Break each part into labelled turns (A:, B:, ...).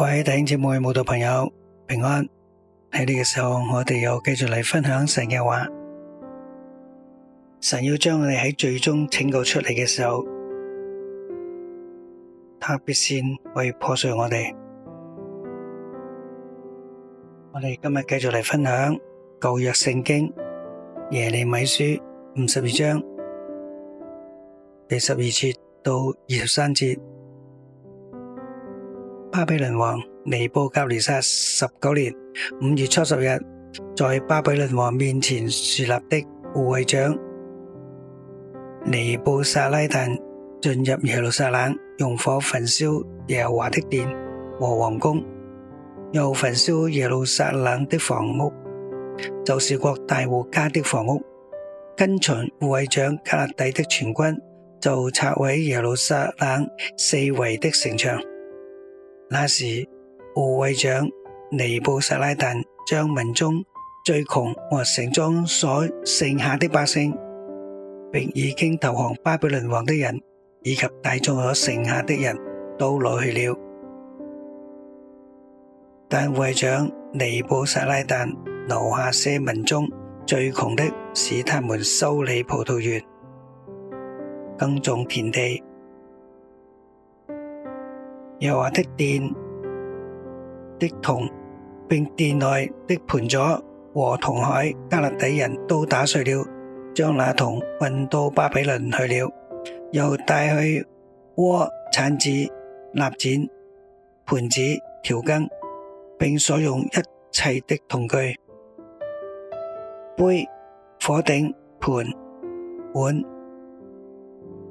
A: 各位弟兄姊妹、慕道朋友，平安。喺呢個時候，我哋又繼續嚟分享神嘅話。神要將我哋喺最終拯救出嚟嘅時候，他必先會破碎我哋。我哋今日繼續嚟分享舊約聖經耶利米書五十二章第十二節到二十三節。巴比倫王尼布甲尼撒十九年五月初十日，在巴比倫王面前侍立的護衛長尼布撒拉旦進入耶路撒冷，用火焚燒耶和華的殿和王宮，又焚燒耶路撒冷的房屋，就是各大戶家的房屋。跟隨護衛長迦勒底的全軍，就拆毀耶路撒冷四圍的城牆。那時，護衛長尼布撒拉旦將民眾最窮和城中所剩下的百姓，並已經投降巴比倫王的人，以及大眾所剩下的人都攞去了。但護衛長尼布撒拉旦留下些民眾最窮的，使他們修理葡萄園、耕種田地。耶和華的殿的銅，並殿內的盤子和銅海，加勒底人都打碎了，將那銅運到巴比倫去了，又帶去鍋、鏟子、蠟剪、盤子、調羹，並所用一切的銅具、杯、火鼎、盤、碗、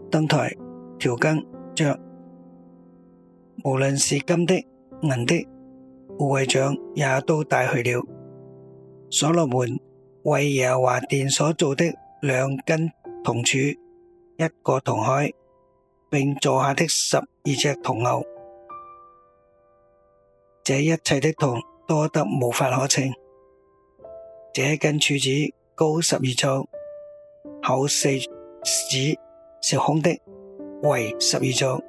A: 燈台、調羹、桌。無論是金的、銀的，護衛長也都帶去了。所羅門為耶和華殿所造的兩根銅柱，一個銅海，並座下的十二隻銅牛，這一切的銅多得無法可稱。這根柱子高十二丈，厚四指，是空的，圍十二丈。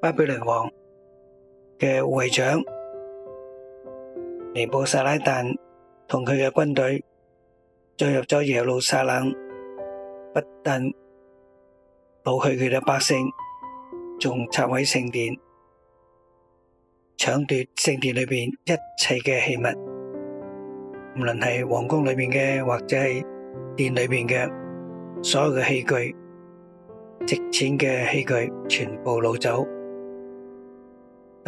A: 巴比倫王嘅護衛長尼布撒拉旦同佢嘅軍隊進入咗耶路撒冷，不但擄去佢嘅百姓，仲拆毀聖殿，搶奪聖殿裏邊一切嘅器物，無論係皇宮裏邊嘅或者係殿裏邊嘅所有嘅器具，值錢嘅器具全部攞走。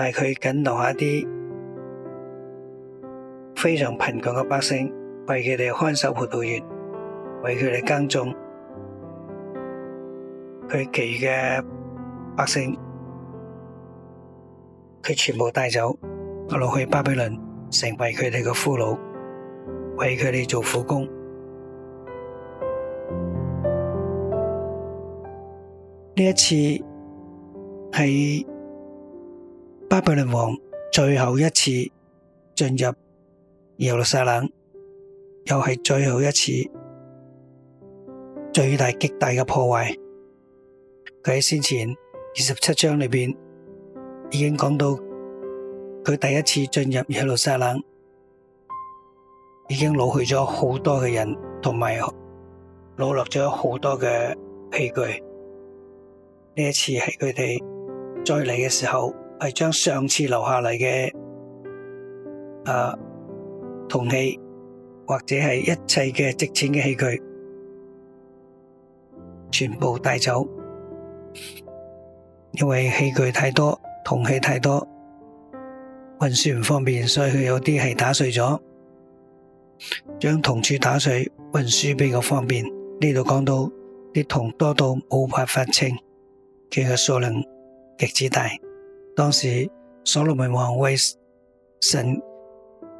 A: 但係佢僅留下一啲非常貧窮嘅百姓，為佢哋看守葡萄園，為佢哋耕種。佢其餘嘅百姓，佢全部帶走，擄落去巴比倫，成為佢哋嘅俘虜，為佢哋做苦工。呢一次係。巴比倫王最後一次進入耶路撒冷，又係最後一次最大極大嘅破壞。佢喺先前二十七章裏邊已經講到，佢第一次進入耶路撒冷已經老去咗好多嘅人，同埋老落咗好多嘅器具。呢一次係佢哋再嚟嘅時候，係將上次留下嚟嘅誒銅器或者係一切嘅值錢嘅器具，全部帶走。因為器具太多，銅器太多，運輸唔方便，所以佢有啲係打碎咗，將銅柱打碎運輸比較方便。呢度講到啲銅多到冇辦法清，佢嘅數量極之大。當時所羅門王為神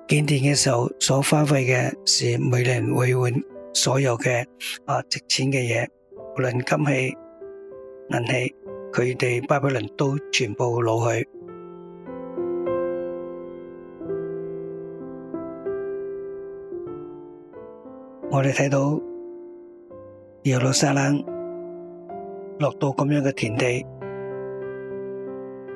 A: 建殿嘅時候，所花費嘅是每年回換所有嘅啊值錢嘅嘢，無論金器銀器，佢哋巴比倫都全部攞去。我哋睇到耶路撒冷落到咁樣嘅田地。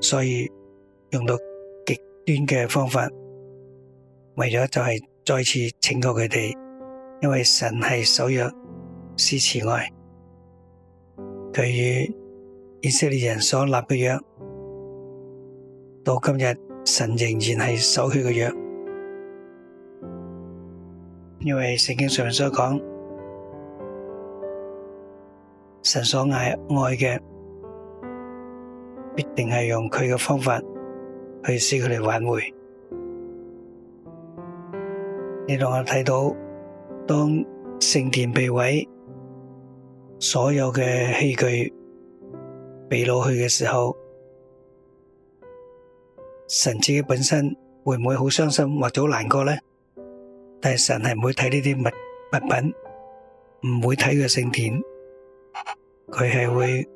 A: 所以用到極端嘅方法，為咗就係再次拯救佢哋。因為神係守約，施慈愛。佢與以色列人所立嘅約，到今日神仍然係守佢嘅約。因為聖經上面所講，神所愛愛嘅。必定係用佢嘅方法去使佢哋挽回。你同我睇到，當聖殿被毀，所有嘅器具被攞去嘅時候，神自己本身會唔會好傷心或者好難過呢？但係神係唔會睇呢啲物物品，唔會睇佢聖殿，佢係會。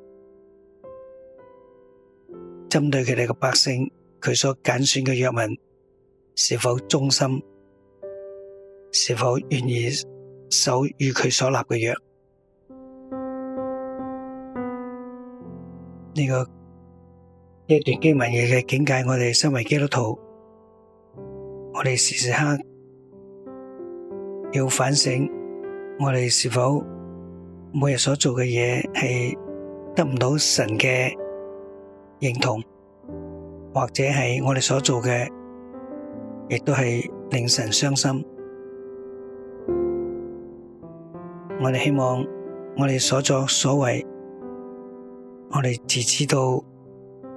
A: 針對佢哋嘅百姓，佢所揀選嘅約民是否忠心？是否願意守與佢所立嘅約？呢個一段經文嘅境界，我哋身為基督徒，我哋時時刻要反省，我哋是否每日所做嘅嘢係得唔到神嘅？認同，或者係我哋所做嘅，亦都係令神傷心。我哋希望我哋所作所為，我哋自知道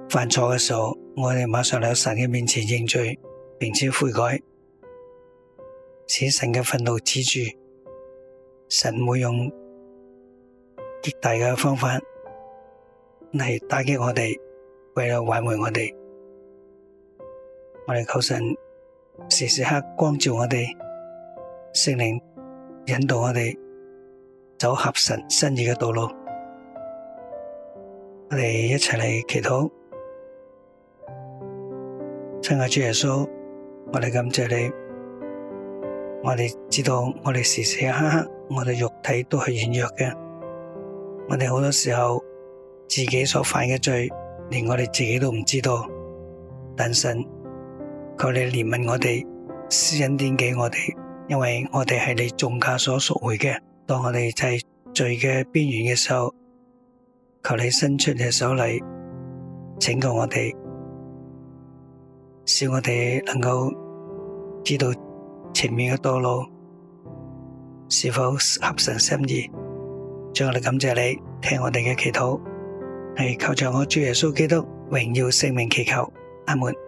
A: 犯錯嘅時候，我哋馬上喺神嘅面前認罪，並且悔改，使神嘅憤怒止住。神會用極大嘅方法嚟打擊我哋。為咗挽回我哋，我哋求神時時刻光照我哋，聖靈引導我哋走合神心意嘅道路。我哋一齊嚟祈禱，親愛主耶穌，我哋感謝你。我哋知道我時時，我哋時時刻刻，我哋肉體都係軟弱嘅。我哋好多時候自己所犯嘅罪。連我哋自己都唔知道，但神，求你憐憫我哋，施恩典給我哋，因為我哋係你重價所贖回嘅。當我哋就係罪嘅邊緣嘅時候，求你伸出嘅手嚟，請救我哋，使我哋能夠知道前面嘅道路是否合神心意。最後，我哋感謝你聽我哋嘅祈禱。係求着我主耶穌基督榮耀聖名祈求，阿門。